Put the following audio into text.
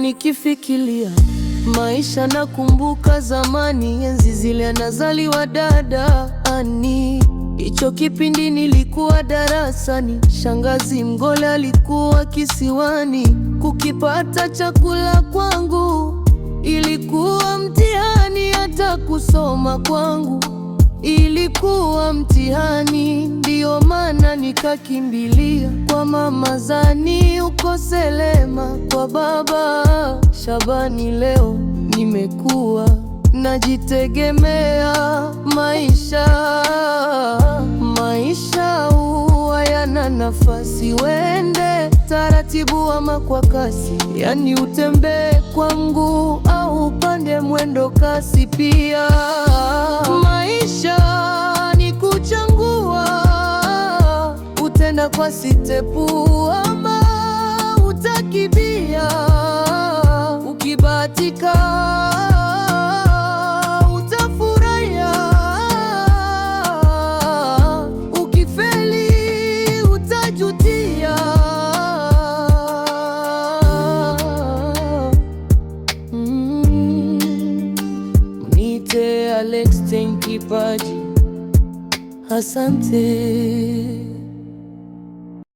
nikifikilia maisha nakumbuka zamani, enzi zile anazaliwa dada Ani. Hicho kipindi nilikuwa darasani, shangazi Mgole alikuwa kisiwani. Kukipata chakula kwangu ilikuwa mtihani, hata kusoma kwangu ilikuwa mtihani. Ndiyo maana nikakimbilia kwa mama zani uko Selema kwa baba Shabani, leo nimekuwa najitegemea. Maisha maisha huwa yana nafasi, wende taratibu ama kwa kasi, yani utembee kwa mguu au upande mwendo kasi. Pia maisha ni kuchangua, utenda kwa sitepu Ukihangaika utafurahia, ukifeli utajutia. Mm. Nite Alex Ten Kipaji, asante.